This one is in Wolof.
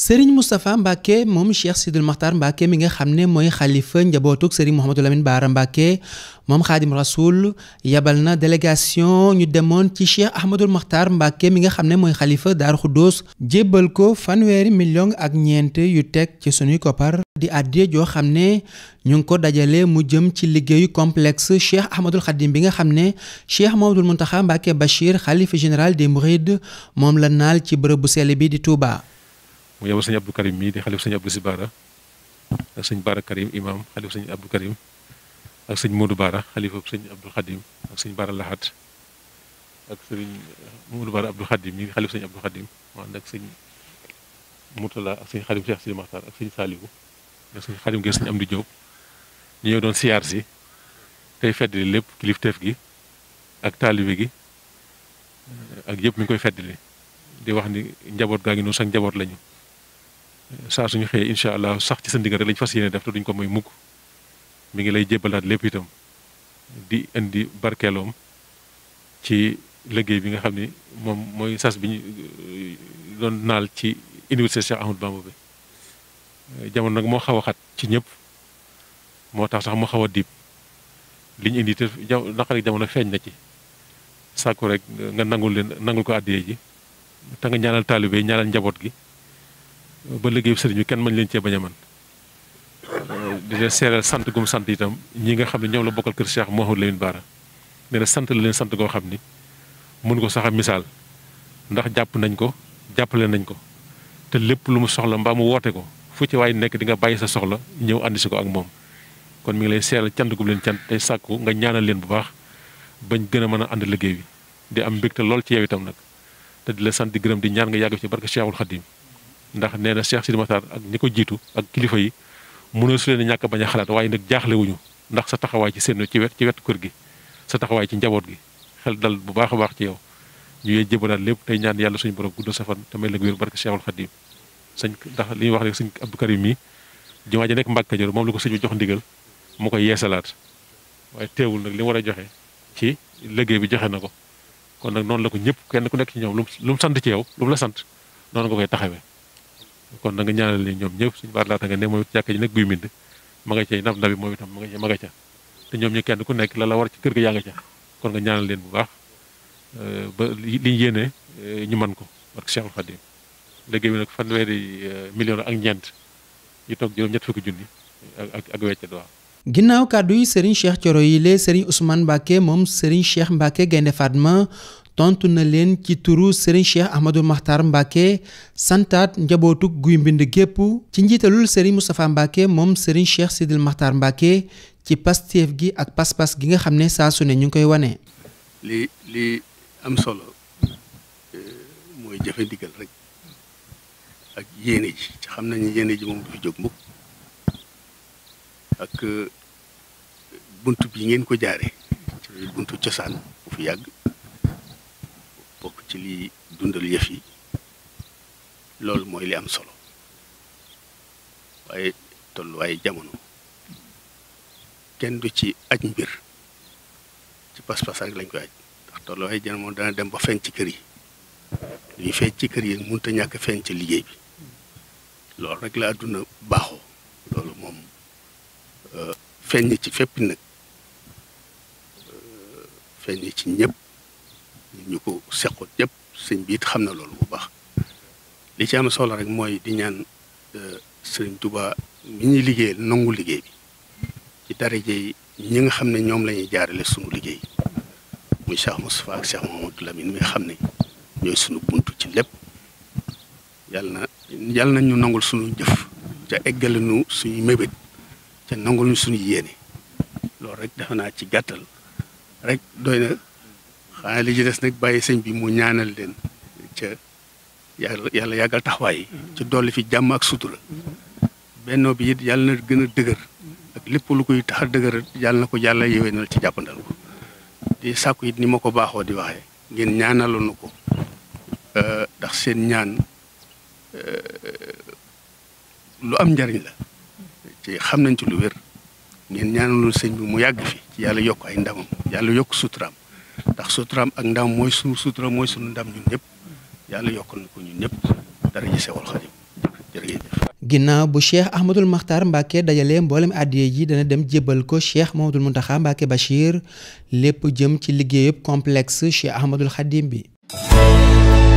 Serigne Moustapha Mbacke moom Cheikh Sidul Maxtar Mbacke mi nga xam ne mooy xalifa njabootug Serigne Mouhamadou Lamine Baara Mbacke moom Xaadim Rasoul yebal na délégation ñu demoon ci Cheikh Ahmadul Maxtar Mbacke mi nga xam ne mooy xalifa Daaru Xuddoos jébbal ko fanweeri million ak ñeent yu teg ci sunuy koppar di àddiya joo xam ne ñu ngi ko dajale mu jëm ci liggéeyu complexe Cheikh Ahmadul Xadim bi nga xam ne Cheikh Mouhamadoul Mountakha Mbacke Bachir xalifa général des Mourides moom la naal ci bërëb bu sell bi di Touba. mu yebal sëñ Abdou Karim mii di xalif sëñ Abdou Si Baara ak sëñ Baara Karim imam xalif sëñ Abdou Karim ak sëñ Modou Baara xalifa sëñ Abdou Khadim ak sëñ Baara Baara Abdou Khadim mii di xalif sëñ Abdou Khadim mu ànd ak sëñ Moutala ak sëñ xadim Cheikh Sidi Maxtaar ak sëñ ñu ñëw doon siyaar si tey feddali lépp kilifteef gi ak taalibe gi ak yëpp mi ngi koy feddali di wax ni njaboot gaa ngi noonu sax njaboot lañu saa suñu xëyee incha allah sax ci sa ndigal rek lañ fas yéene def te duñ ko mooy mukk mi ngi lay jébbalaat lépp itam di indi barkeeloom ci liggéey bi nga xam ni moom mooy sas bi ñu euh, doon naal ci université Cheikh Ahmadou Bamba bi euh, jamono nag moo xaw a xat ci ñëpp moo tax sax mu xaw a diib li ñu indi te naqari jamono feeñ na ci sàkku rek nga nangul leen nangul ko àddiyee ji te nga ñaanal taalibe ñaanal njaboot gi ba liggéey sëriñ bi kenn mën leen cee bañ a man di leen seeral sant gum sant itam ñi nga xam ne ñoom la bokkal kër Cheikh Mouhamadou Lamine Bara nee na sant la leen sant goo xam ni mën ko sax misaal ndax jàpp nañ ko jàppale nañ ko te lépp lu mu soxla mbaa mu woote ko fu ci waaye nekk di nga bàyyi sa soxla ñëw àndi si ko ak moom kon mi ngi lay seeral cant gum leen cant tey sàkku nga ñaanal leen bu baax bañ gën a mën a ànd liggéey bi di am mbégte lool ci yow itam nag te di la sant di gërëm di ñaan nga yàgg ci barke Cheikhul Khadim ndax nee na Cheikh Sidi Matar ak ñi ko jiitu ak kilifa yi mënoo su leen ñàkk bañ a xalaat waaye nag jaaxlewuñu ndax sa taxawaay ci seen ci wet ci wetu kër gi sa taxawaay ci njaboot gi xel dal bu baax a baax ci yow ñu yee jébalaat lépp tey ñaan yàlla suñu borom gudd sa fan te may la wér barke Cheikhul Khadim sëñ ndax li ñuy wax rek sëñ Abdou Karim mi jumaa ja nekk Mbàkke Kajoor moom la ko sëñ jox ndigal moo koy yeesalaat waaye teewul nag li mu war a joxe ci liggéey bi joxe na ko kon nag noonu la ko ñëpp kenn ku nekk ci ñoom lu mu sant ci yow lu la sant noonu nga koy taxawee kon na nga ñaanal leen ñoom ñëpp suñu baat laata nga ne mooy jàkk ji nag guy mbind ma nga cay nab nabi moom itam ma te ñoom ñu kenn ku nekk la la war ci kër ga yaa nga ca kon nga ñaanal leen bu baax euh, ba li ñu yéene euh, ñu man ko parce que Cheikh Khadim liggéey bi nag fanweeri euh, million ak ñeent yi toog juróom ñett fukki junni ak ak weccet waaw ginnaaw kàddu yi Serigne Cheikh Thioro yi lee Serigne Ousmane Mbacke moom Serigne Cheikh Mbacke Gaynde Fatma tontu na leen ci turu Serigne Cheikh Ahmadou Makhtar Mbacke santaat njabootug guy mbind gépp ci njiitalul Serigne Moustapha Mbacke moom Serigne Cheikh Sidil Makhtar Mbacke ci pasteef gi ak pas-pas gi nga xam ne saa su ne ñu ngi koy wane. li li am solo eh, mooy jafe digal rek ak yéene ji ci xam nañu yéene ji moom du fi jóg mukk ak eh, buntu bi ngeen ko jaare ci buntu cosaan bu fi yàgg. bokk ci liy dundal yëf yi loolu mooy li am solo waaye tolluwaaye jamono kenn du ci aj mbir ci pas-pas rek lañ koy aj ndax tolluwaaye jamono dana dem ba feeñ ci kër yi lu ñu feeñ ci kër yi mënut a ñàkk feeñ ci liggéey bi loolu rek la àdduna baaxoo loolu moom euh, feñ ci fépp nag euh, feñ ci ñëpp. ñu ko seqoon ñëpp sëñ biit xam na loolu bu baax li ci am solo rek mooy di ñaan euh, sëriñ tubaa mi ñuy liggéeyal nangu liggéey bi ci daraje yi ñi nga xam ne ñoom lañuy ñuy jaarale sunu liggéey muy Cheikh Moustapha ak Cheikh Mouhamadou Lamine mi nga xam ne ñooy sunu bunt ci lépp yàlla na yàlla na ñu nangul sunu jëf ca eggale nu suñu mébét ca nangul ñu suñu yéene loolu rek defe naa ci gàttal rek doy na. xanaa li ci des nag bàyyi sëñ bi mu ñaanal leen ca yàlla yàggal taxawaay yi ci dolli fi jàmm ak sutura bennoo bi it yàlla na gën a dëgër ak lépp lu koy tax a dëgër yàlla na ko yàlla yéwénal ci jàppandal ko di sàkku it ni ma ko baaxoo di waxee ngeen ñaanaloonu ko euh, ndax seen ñaan euh, lu am njariñ la ci xam nañ ci lu wér ngeen ñaanaloon sëñ bi mu yàgg fi ci yàlla yokk ay ndamam yàlla yokk suturaam ndax suturaam ak ndam mooy suñu sutura mooy suñu ndam ñun ñëpp yàlla yokkal na ko ñun ñëpp ginnaaw bu cheikh ahmadul maxtar mbàkke dajale mboolem addiye ji dana dem jébbal ko cheikh mahamadul muntaxa mbàkke bachir lépp jëm ci liggéeyub complexe cheikh ahmadul xadim bi